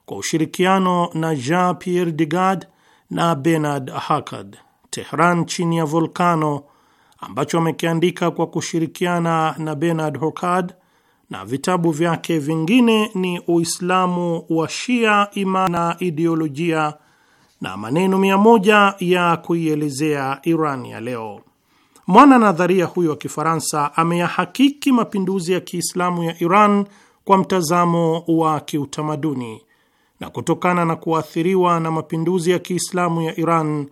kwa ushirikiano na Jean Pierre Degard na Bernard Hakad, Tehran chini ya volkano ambacho amekiandika kwa kushirikiana na Bernard Hokard na vitabu vyake vingine ni Uislamu wa Shia, imani na ideolojia na maneno mia moja ya kuielezea Iran ya leo. Mwana nadharia huyo wa Kifaransa ameyahakiki mapinduzi ya Kiislamu ya Iran kwa mtazamo wa kiutamaduni, na kutokana na kuathiriwa na mapinduzi ya Kiislamu ya Iran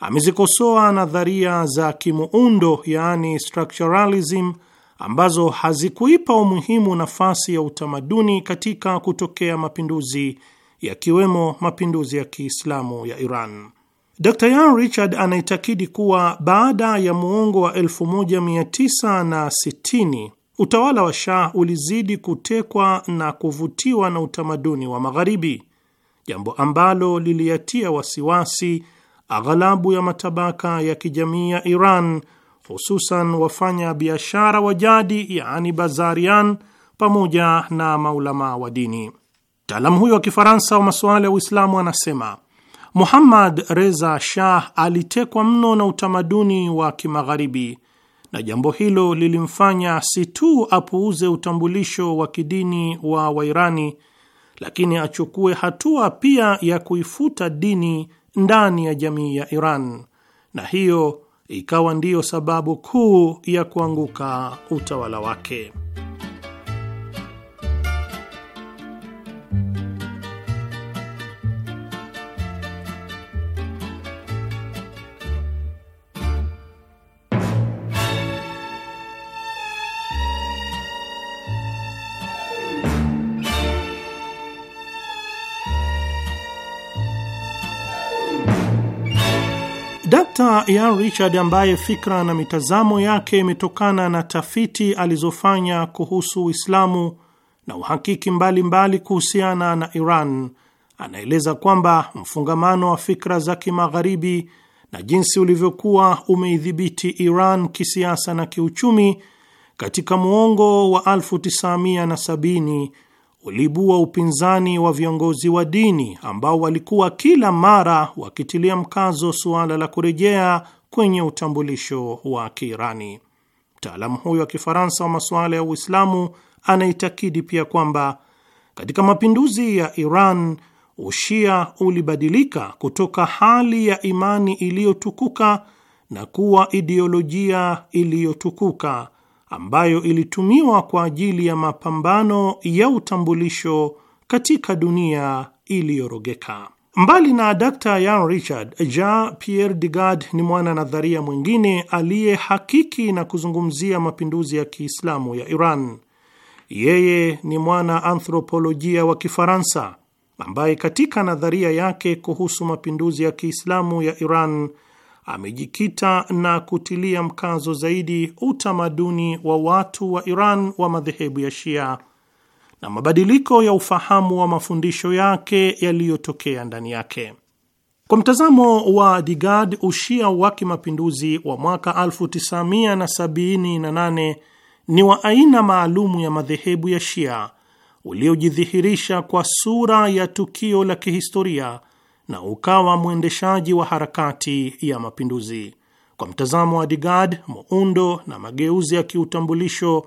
amezikosoa nadharia za kimuundo, yaani structuralism ambazo hazikuipa umuhimu nafasi ya utamaduni katika kutokea mapinduzi yakiwemo mapinduzi ya Kiislamu ya Iran. Dr. Yan Richard anaitakidi kuwa baada ya muongo wa 1960 utawala wa Shah ulizidi kutekwa na kuvutiwa na utamaduni wa Magharibi, jambo ambalo liliyatia wasiwasi aghalabu ya matabaka ya kijamii ya Iran hususan wafanya biashara wa jadi, yaani bazarian, pamoja na maulama wa dini. Mtaalamu huyo wa Kifaransa wa masuala ya Uislamu anasema Muhammad Reza Shah alitekwa mno na utamaduni wa Kimagharibi, na jambo hilo lilimfanya si tu apuuze utambulisho wa kidini wa Wairani, lakini achukue hatua pia ya kuifuta dini ndani ya jamii ya Iran, na hiyo ikawa ndiyo sababu kuu ya kuanguka utawala wake. Dr. Ian Richard ambaye fikra na mitazamo yake imetokana na tafiti alizofanya kuhusu Uislamu na uhakiki mbalimbali kuhusiana na Iran, anaeleza kwamba mfungamano wa fikra za kimagharibi na jinsi ulivyokuwa umeidhibiti Iran kisiasa na kiuchumi katika muongo wa 1970 uliibua upinzani wa viongozi wa dini ambao walikuwa kila mara wakitilia mkazo suala la kurejea kwenye utambulisho wa Kiirani. Mtaalamu huyo wa Kifaransa wa masuala ya Uislamu anaitakidi pia kwamba katika mapinduzi ya Iran Ushia ulibadilika kutoka hali ya imani iliyotukuka na kuwa ideolojia iliyotukuka ambayo ilitumiwa kwa ajili ya mapambano ya utambulisho katika dunia iliyorogeka. Mbali na Dr Yan Richard, Jean Pierre Digard ni mwana nadharia mwingine aliyehakiki na kuzungumzia mapinduzi ya Kiislamu ya Iran. Yeye ni mwana anthropolojia wa Kifaransa ambaye katika nadharia yake kuhusu mapinduzi ya Kiislamu ya Iran amejikita na kutilia mkazo zaidi utamaduni wa watu wa Iran wa madhehebu ya Shia na mabadiliko ya ufahamu wa mafundisho yake yaliyotokea ndani yake. Kwa mtazamo wa Digad, ushia wa kimapinduzi wa mwaka 1978 na ni wa aina maalumu ya madhehebu ya Shia uliojidhihirisha kwa sura ya tukio la kihistoria na ukawa mwendeshaji wa harakati ya mapinduzi. Kwa mtazamo wa Digard, muundo na mageuzi ya kiutambulisho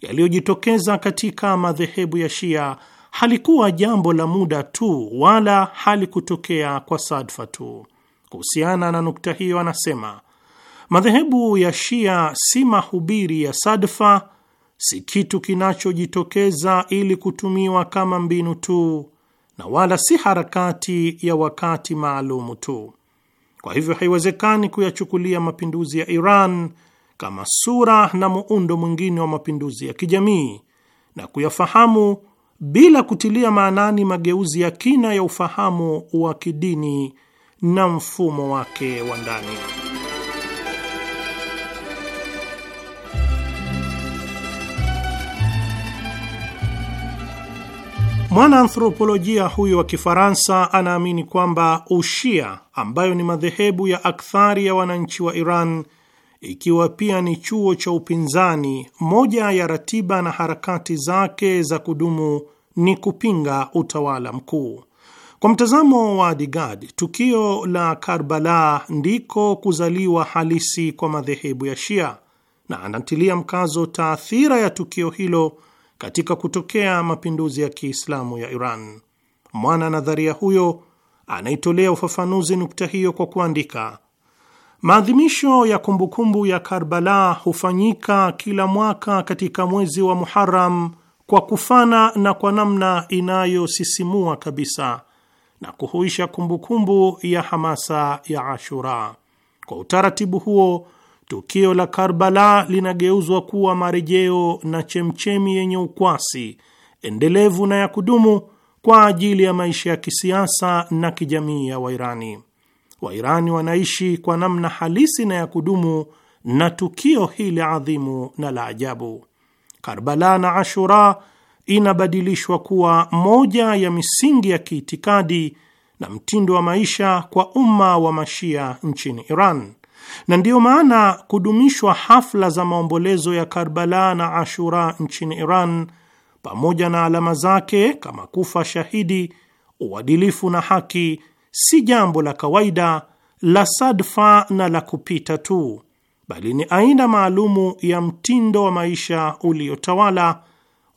yaliyojitokeza katika madhehebu ya Shia halikuwa jambo la muda tu, wala halikutokea kwa sadfa tu. Kuhusiana na nukta hiyo, anasema madhehebu ya Shia si mahubiri ya sadfa, si kitu kinachojitokeza ili kutumiwa kama mbinu tu na wala si harakati ya wakati maalumu tu. Kwa hivyo haiwezekani kuyachukulia mapinduzi ya Iran kama sura na muundo mwingine wa mapinduzi ya kijamii na kuyafahamu bila kutilia maanani mageuzi ya kina ya ufahamu wa kidini na mfumo wake wa ndani. mwana anthropolojia huyo wa Kifaransa anaamini kwamba Ushia, ambayo ni madhehebu ya akthari ya wananchi wa Iran, ikiwa pia ni chuo cha upinzani, moja ya ratiba na harakati zake za kudumu ni kupinga utawala mkuu. Kwa mtazamo wa Digad, tukio la Karbala ndiko kuzaliwa halisi kwa madhehebu ya Shia, na anatilia mkazo taathira ya tukio hilo katika kutokea mapinduzi ya Kiislamu ya Iran. Mwana nadharia huyo anaitolea ufafanuzi nukta hiyo kwa kuandika, maadhimisho ya kumbukumbu ya Karbala hufanyika kila mwaka katika mwezi wa Muharram kwa kufana na kwa namna inayosisimua kabisa na kuhuisha kumbukumbu ya hamasa ya Ashura. Kwa utaratibu huo tukio la Karbala linageuzwa kuwa marejeo na chemchemi yenye ukwasi endelevu na ya kudumu kwa ajili ya maisha ya kisiasa na kijamii ya Wairani. Wairani wanaishi kwa namna halisi na ya kudumu na tukio hili adhimu na la ajabu. Karbala na Ashura inabadilishwa kuwa moja ya misingi ya kiitikadi na mtindo wa maisha kwa umma wa Mashia nchini Iran na ndiyo maana kudumishwa hafla za maombolezo ya Karbala na Ashura nchini Iran pamoja na alama zake kama kufa shahidi, uadilifu na haki, si jambo la kawaida la sadfa na la kupita tu, bali ni aina maalumu ya mtindo wa maisha uliotawala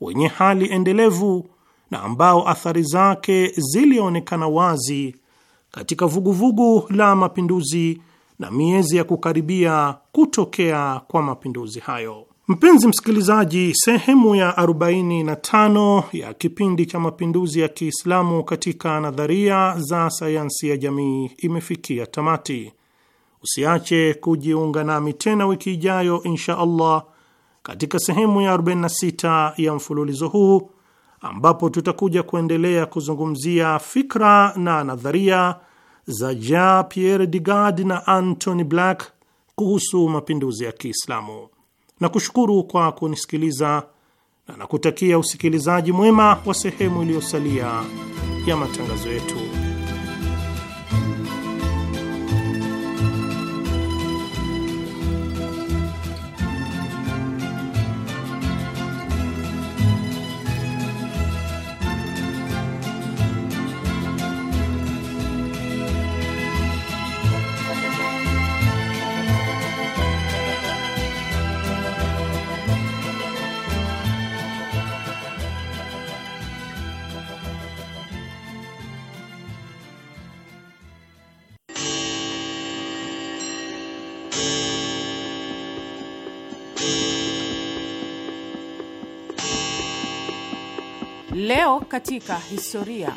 wenye hali endelevu na ambao athari zake zilionekana wazi katika vuguvugu la mapinduzi na miezi ya kukaribia kutokea kwa mapinduzi hayo. Mpenzi msikilizaji, sehemu ya 45 ya kipindi cha mapinduzi ya Kiislamu katika nadharia za sayansi ya jamii imefikia tamati. Usiache kujiunga nami tena wiki ijayo insha Allah katika sehemu ya 46 ya mfululizo huu ambapo tutakuja kuendelea kuzungumzia fikra na nadharia za Jean Pierre Digard na Anthony Black kuhusu mapinduzi ya Kiislamu. Nakushukuru kwa kunisikiliza na nakutakia usikilizaji mwema wa sehemu iliyosalia ya matangazo yetu. Leo katika historia.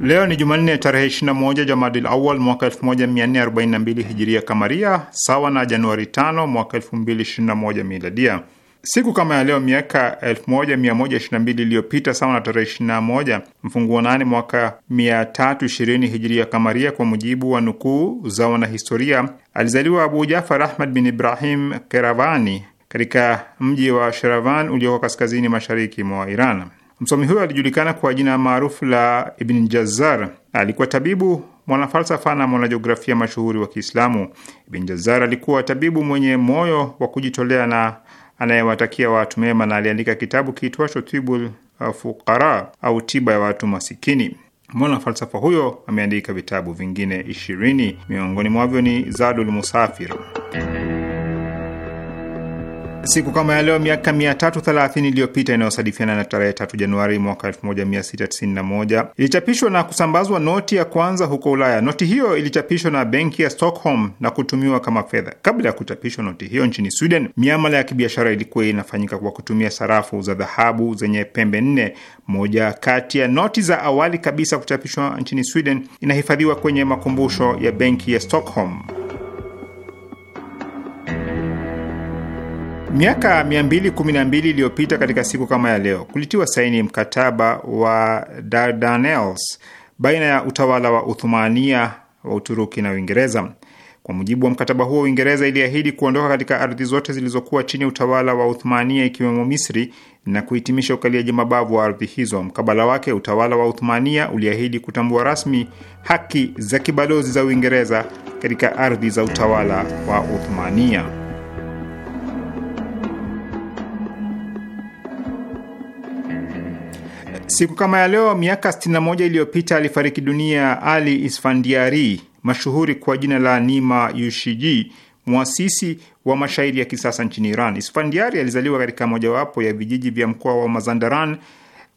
Leo ni Jumanne tarehe 21 Jamadil Awal mwaka 1442 hijiria kamaria, sawa na Januari 5 mwaka 2021 miladia. Siku kama ya leo miaka 1122 iliyopita sawa na tarehe 21 mfunguo nane mwaka 320 hijiria kamaria, kwa mujibu wa nukuu za wanahistoria, alizaliwa Abu Jafar Ahmad bin Ibrahim Keravani katika mji wa Sheravan ulioko kaskazini mashariki mwa Iran. Msomi huyo alijulikana kwa jina maarufu la Ibn Jazar. Alikuwa tabibu, mwanafalsafa na mwanajiografia mashuhuri wa Kiislamu. Ibn Jazar alikuwa tabibu mwenye moyo wa kujitolea na anayewatakia watu mema, na aliandika kitabu kiitwacho Tibul Fuqara au tiba ya watu masikini. Mwanafalsafa huyo ameandika vitabu vingine ishirini, miongoni mwavyo ni Zadul Musafir siku kama ya leo miaka 330 iliyopita inayosadifiana na tarehe 3 Januari mwaka 1691 ilichapishwa na kusambazwa noti ya kwanza huko Ulaya. Noti hiyo ilichapishwa na benki ya Stockholm na kutumiwa kama fedha. Kabla ya kuchapishwa noti hiyo nchini Sweden, miamala ya kibiashara ilikuwa inafanyika kwa kutumia sarafu za dhahabu zenye pembe nne. Moja kati ya noti za awali kabisa kuchapishwa nchini Sweden inahifadhiwa kwenye makumbusho ya benki ya Stockholm. Miaka 212 iliyopita katika siku kama ya leo kulitiwa saini mkataba wa Dardanelles baina ya utawala wa Uthumania wa Uturuki na Uingereza. Kwa mujibu wa mkataba huo, Uingereza iliahidi kuondoka katika ardhi zote zilizokuwa chini ya utawala wa Uthumania ikiwemo Misri na kuhitimisha ukaliaji mabavu wa ardhi hizo. Mkabala wake, utawala wa Uthumania uliahidi kutambua rasmi haki za kibalozi za Uingereza katika ardhi za utawala wa Uthumania. Siku kama ya leo miaka 61 iliyopita alifariki dunia Ali Isfandiari, mashuhuri kwa jina la Nima Yushiji, mwasisi wa mashairi ya kisasa nchini Iran. Isfandiari alizaliwa katika mojawapo ya vijiji vya mkoa wa Mazandaran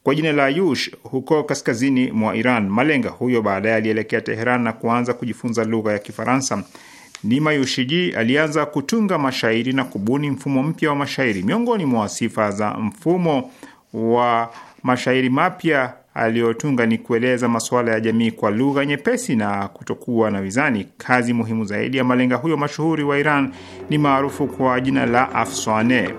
kwa jina la Yush huko kaskazini mwa Iran. Malenga huyo baadaye alielekea Teheran na kuanza kujifunza lugha ya Kifaransa. Nima Yushiji alianza kutunga mashairi na kubuni mfumo mpya wa mashairi. Miongoni mwa sifa za mfumo wa mashairi mapya aliyotunga ni kueleza masuala ya jamii kwa lugha nyepesi na kutokuwa na wizani. Kazi muhimu zaidi ya malenga huyo mashuhuri wa Iran ni maarufu kwa jina la Afsane.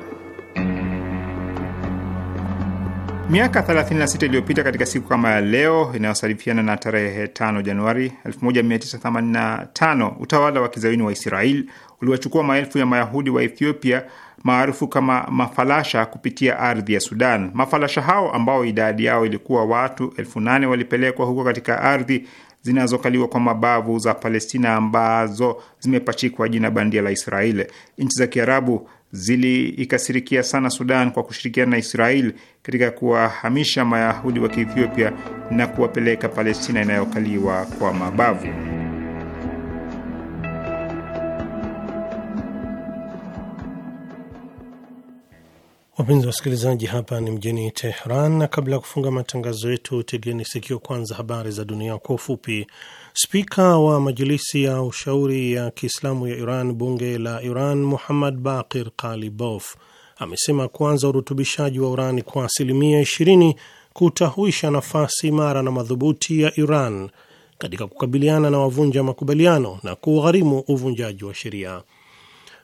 Miaka 36 iliyopita katika siku kama ya leo inayosalifiana na tarehe 5 Januari 1985 utawala wa kizayuni wa Israel uliwachukua maelfu ya Mayahudi wa Ethiopia maarufu kama mafalasha kupitia ardhi ya Sudan. Mafalasha hao ambao idadi yao ilikuwa watu elfu nane walipelekwa huko katika ardhi zinazokaliwa kwa mabavu za Palestina ambazo zimepachikwa jina bandia la israel Nchi za Kiarabu ziliikasirikia sana Sudan kwa kushirikiana na israel katika kuwahamisha Mayahudi wa Kiethiopia na kuwapeleka Palestina inayokaliwa kwa mabavu. Wapenzi wasikilizaji, hapa ni mjini Teheran, na kabla ya kufunga matangazo yetu, tegeni sikio kwanza habari za dunia kwa ufupi. Spika wa Majilisi ya Ushauri ya Kiislamu ya Iran, bunge la Iran, Muhammad Bakir Kalibof amesema kuanza urutubishaji wa urani kwa asilimia 20 kutahuisha nafasi imara na madhubuti ya Iran katika kukabiliana na wavunja makubaliano na kugharimu uvunjaji wa sheria.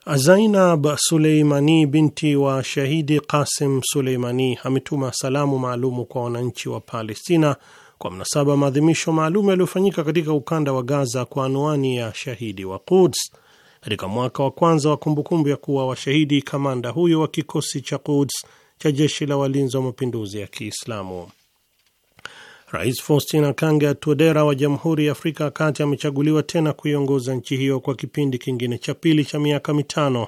Zainab Suleimani binti wa shahidi Qasim Suleimani ametuma salamu maalumu kwa wananchi wa Palestina kwa mnasaba maadhimisho maalum yaliyofanyika katika ukanda wa Gaza kwa anwani ya shahidi wa Quds katika mwaka wa kwanza wa kumbukumbu ya kuwa washahidi kamanda huyo wa kikosi cha Quds cha jeshi la walinzi wa mapinduzi ya Kiislamu. Rais Faustin Akange Tuodera wa Jamhuri ya Afrika ya Kati amechaguliwa tena kuiongoza nchi hiyo kwa kipindi kingine cha pili cha miaka mitano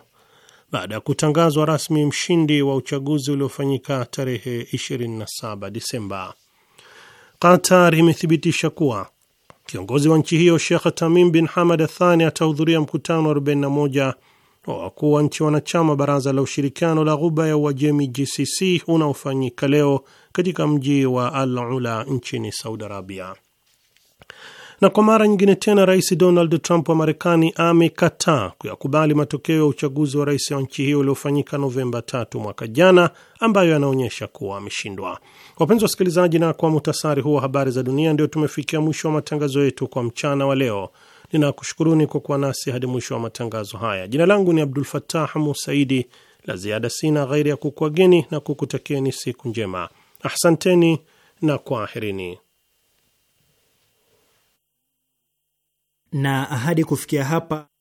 baada ya kutangazwa rasmi mshindi wa uchaguzi uliofanyika tarehe 27 Disemba. Qatar imethibitisha kuwa kiongozi wa nchi hiyo Shekh Tamim bin Hamad Athani atahudhuria mkutano wa 41 na wakuu wa nchi wanachama Baraza la Ushirikiano la Ghuba ya Uajemi GCC unaofanyika leo katika mji wa Al Ula nchini Saudi Arabia. Na kwa mara nyingine tena Rais Donald Trump wa Marekani amekataa kuyakubali matokeo ya uchaguzi wa rais wa nchi hiyo uliofanyika Novemba tatu mwaka jana, ambayo yanaonyesha kuwa ameshindwa. Wapenzi wasikilizaji, na kwa muhtasari huo habari za dunia, ndio tumefikia mwisho wa matangazo yetu kwa mchana wa leo. Ninakushukuruni kwa kuwa nasi hadi mwisho wa matangazo haya. Jina langu ni Abdul fatah Musaidi. La ziada sina ghairi ya kukuageni na kukutakieni siku njema. Ahsanteni na kwaherini. Na ahadi kufikia hapa